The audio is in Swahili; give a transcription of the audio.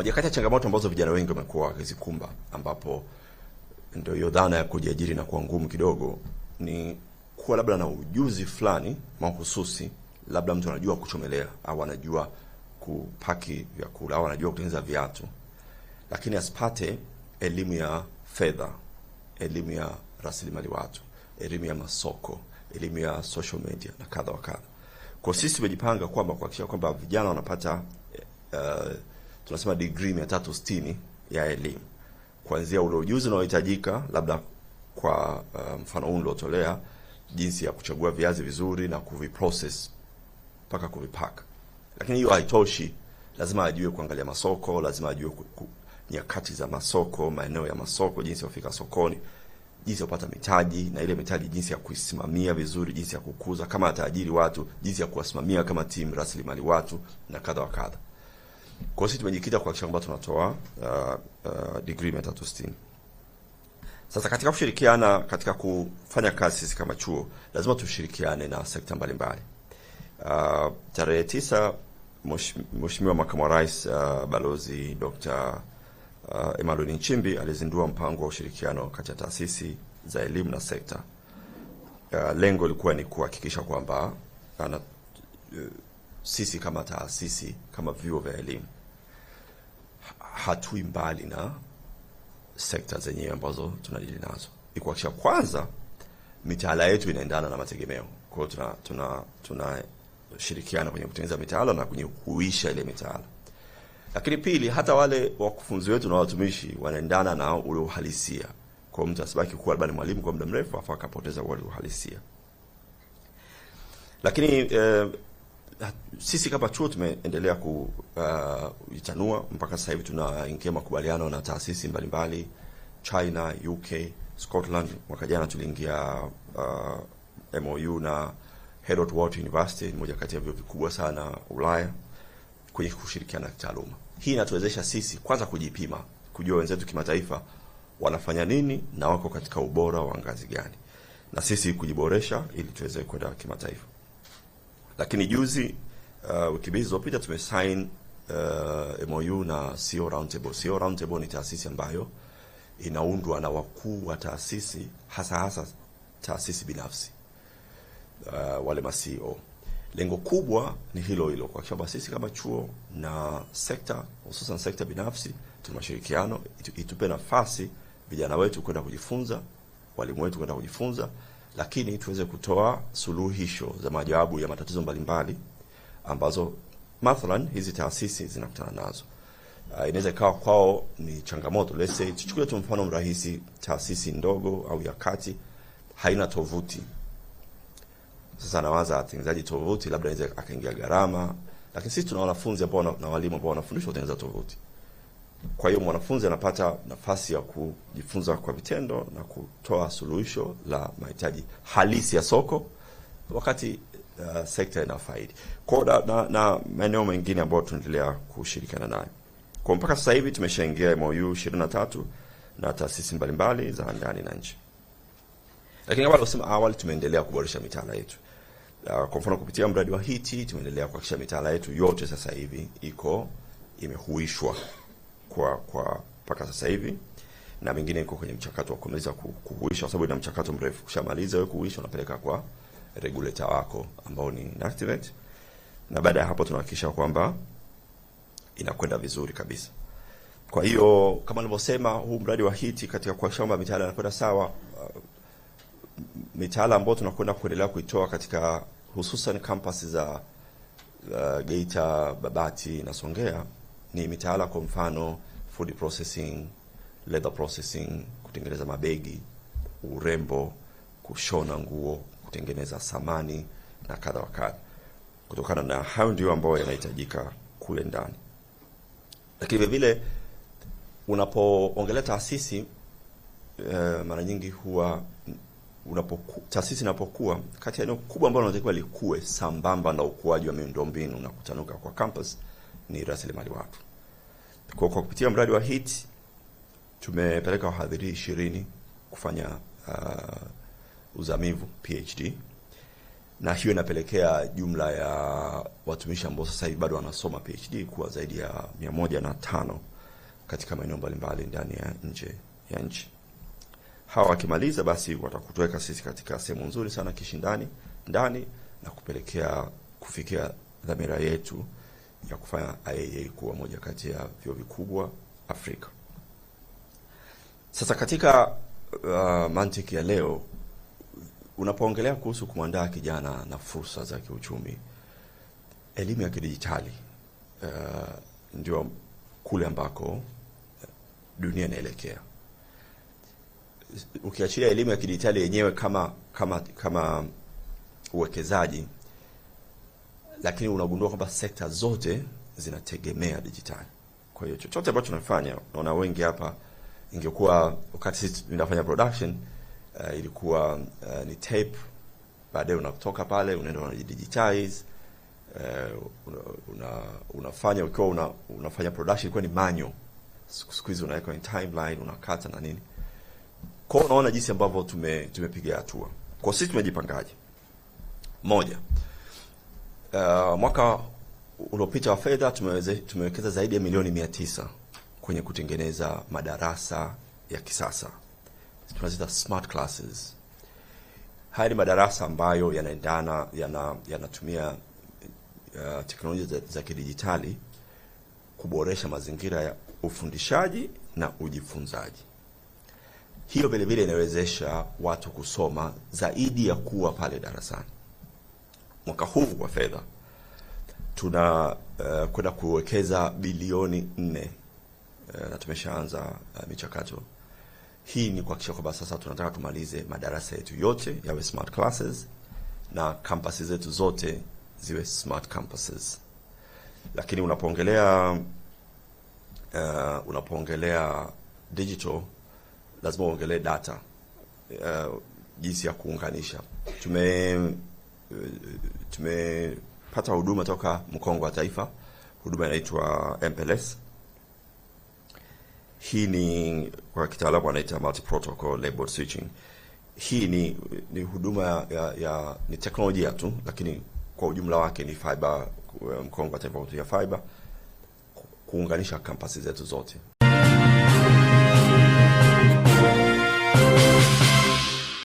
Moja kati ya changamoto ambazo vijana wengi wamekuwa wakizikumba, ambapo ndio hiyo dhana ya kujiajiri na kuwa ngumu kidogo, ni kuwa labda na ujuzi fulani mahususi, labda mtu anajua kuchomelea au anajua kupaki vyakula au anajua kutengeneza viatu, lakini asipate elimu ya fedha, elimu ya rasilimali watu, elimu ya masoko, elimu ya social media na kadha wa kadha. Kwa sisi tumejipanga kwamba kuhakikisha kwamba vijana wanapata uh, tunasema degree 360 ya elimu kuanzia ule ujuzi unaohitajika labda kwa uh, mfano huu niliotolea jinsi ya kuchagua viazi vizuri na kuviprocess mpaka kuvipaka, lakini hiyo haitoshi. Lazima ajue kuangalia masoko, lazima ajue nyakati za masoko, maeneo ya masoko, jinsi ya kufika sokoni, jinsi ya kupata mitaji na ile mitaji, jinsi ya kuisimamia vizuri, jinsi ya kukuza kama ataajiri watu, jinsi ya kuwasimamia kama timu, rasilimali watu na kadha wa kadha. Kwa sisi tumejikita kuhakikisha kwamba tunatoa uh, uh, degree mia tatu sitini. Sasa katika kushirikiana katika kufanya kazi sisi kama chuo lazima tushirikiane na sekta mbalimbali. Uh, tarehe tisa Mheshimiwa Makamu wa Rais uh, Balozi Dr. uh, Emmanuel Nchimbi alizindua mpango wa ushirikiano kati ya taasisi za elimu na sekta. Uh, lengo lilikuwa ni kuhakikisha kwamba sisi kama taasisi kama vyuo vya elimu hatui mbali na sekta zenyewe ambazo tunadili nazo, ni kwanza mitaala yetu inaendana na mategemeo. kwao hiyo tuna tuna tunashirikiana kwenye kutengeneza mitaala na kwenye kuisha ile mitaala, lakini pili, hata wale wakufunzi wetu na watumishi wanaendana na ule uhalisia. kwao mtu asibaki kuwa labda ni mwalimu kwa muda mrefu afu akapoteza ule uhalisia, lakini eh, Ah, sisi kama chuo tumeendelea kuitanua uh, mpaka sasa hivi tunaingia makubaliano na taasisi mbalimbali China, UK, Scotland. Mwaka jana tuliingia uh, MOU na Herod Watt University, moja kati ya vyo vikubwa sana Ulaya kwenye kushirikiana kitaaluma. Hii inatuwezesha sisi kwanza kujipima, kujua wenzetu kimataifa wanafanya nini na wako katika ubora wa ngazi gani, na sisi kujiboresha ili tuweze kwenda kimataifa. Lakini juzi uh, wiki mbili zilizopita tumesign uh, MOU na CEO Roundtable. CEO Roundtable ni taasisi ambayo inaundwa na wakuu wa taasisi hasa hasa taasisi binafsi uh, wale ma CEO. Lengo kubwa ni hilo hilo, kwa sababu sisi kama chuo na sekta hususan sekta binafsi tuna mashirikiano, itupe nafasi vijana wetu kwenda kujifunza, walimu wetu kwenda kujifunza lakini tuweze kutoa suluhisho za majawabu ya matatizo mbalimbali ambazo mathalan hizi taasisi zinakutana nazo. Uh, inaweza ikawa kwao ni changamoto. Let's say tuchukue tu mfano mrahisi, taasisi ndogo au ya kati haina tovuti. Sasa anawaza atengenezaji tovuti, labda anaweza akaingia gharama, lakini sisi tuna wanafunzi ambao na walimu ambao wanafundisha kutengeneza tovuti. Kwa hiyo mwanafunzi anapata nafasi ya kujifunza kwa vitendo na kutoa suluhisho la mahitaji halisi ya soko wakati uh, sekta inafaidi kwao na, na, na maeneo mengine ambayo tunaendelea kushirikiana nayo. Kwa mpaka sasa hivi tumeshaingia MOU 23 na taasisi mbalimbali za ndani na nje, lakini kama alivyosema awali, tumeendelea kuboresha mitaala yetu. Uh, kwa mfano kupitia mradi wa HEET tumeendelea kuhakikisha mitaala yetu yote sasa hivi iko imehuishwa kwa kwa mpaka sasa hivi na mingine iko kwenye mchakato wa kumaliza kuhuisha, kwa sababu ina mchakato mrefu. Kushamaliza wewe kuhuisha, unapeleka kwa regulator wako ambao ni Nactivate, na baada ya hapo tunahakikisha kwamba inakwenda vizuri kabisa. Kwa hiyo kama nilivyosema, huu mradi wa hiti katika kuhakikisha kwamba mitaala inakwenda sawa, uh, mitaala ambayo tunakwenda kuendelea kuitoa katika hususan kampasi za uh, Geita, Babati na Songea ni mitaala, kwa mfano food processing, leather processing, kutengeneza mabegi, urembo, kushona nguo, kutengeneza samani na kadha wa kadha. Kutokana na hayo ndiyo ambayo yanahitajika kule ndani, lakini vile vile unapoongelea taasisi e, mara nyingi huwa unapoku, taasisi inapokuwa kati ya eneo kubwa ambalo linatakiwa likue sambamba na ukuaji wa miundombinu na kutanuka kwa campus ni rasilimali watu. Kwa, kwa kupitia mradi wa HIT tumepeleka wahadhiri ishirini kufanya uh, uzamivu PhD na hiyo inapelekea jumla ya watumishi ambao sasa hivi bado wanasoma PhD kuwa zaidi ya mia moja na tano katika maeneo mbalimbali ndani ya nje ya nchi. Hawa wakimaliza basi watakutoweka sisi katika sehemu nzuri sana kishindani ndani na kupelekea kufikia dhamira yetu ya kufanya IAA kuwa moja kati ya vyuo vikubwa Afrika. Sasa katika uh, mantiki ya leo unapoongelea kuhusu kumwandaa kijana na fursa za kiuchumi, elimu ya kidijitali uh, ndio kule ambako dunia inaelekea. Ukiachilia elimu ya kidijitali yenyewe kama kama kama uwekezaji lakini unagundua kwamba sekta zote zinategemea dijitali. Kwa hiyo chochote ambacho tunafanya, naona wengi hapa, ingekuwa wakati sisi tunafanya production uh, ilikuwa uh, ni tape, baadaye unatoka pale unaenda unajidijitize uh, eh, una, unafanya ukiwa una, unafanya production ilikuwa ni manual, siku hizi unaweka kwenye timeline unakata na nini. kwao, unaona jinsi ambavyo tumepiga tume hatua. Kwa sisi tumejipangaje? Moja Eh, mwaka uliopita wa fedha tumewekeza zaidi ya milioni mia tisa kwenye kutengeneza madarasa ya kisasa tunaziita smart classes. Haya ni madarasa ambayo yanaendana yana, yanatumia uh, teknolojia za, za kidijitali kuboresha mazingira ya ufundishaji na ujifunzaji. Hiyo vile vile inawezesha watu kusoma zaidi ya kuwa pale darasani mwaka huu wa fedha tuna uh, kwenda kuwekeza bilioni nne uh, na tumeshaanza uh, michakato hii ni kuhakikisha kwamba sasa tunataka tumalize madarasa yetu yote yawe smart classes na kampasi zetu zote ziwe smart campuses. Lakini unapoongelea uh, unapoongelea digital lazima uongelee data uh, jinsi ya kuunganisha tume tumepata huduma toka mkongo wa taifa, huduma inaitwa MPLS. Hii ni kwa kitaalamu wanaita multi protocol label switching. Hii ni, ni huduma ya, ya ni teknolojia tu, lakini kwa ujumla wake ni fiber, mkongo wa taifa kutumia fiber kuunganisha kampasi zetu zote.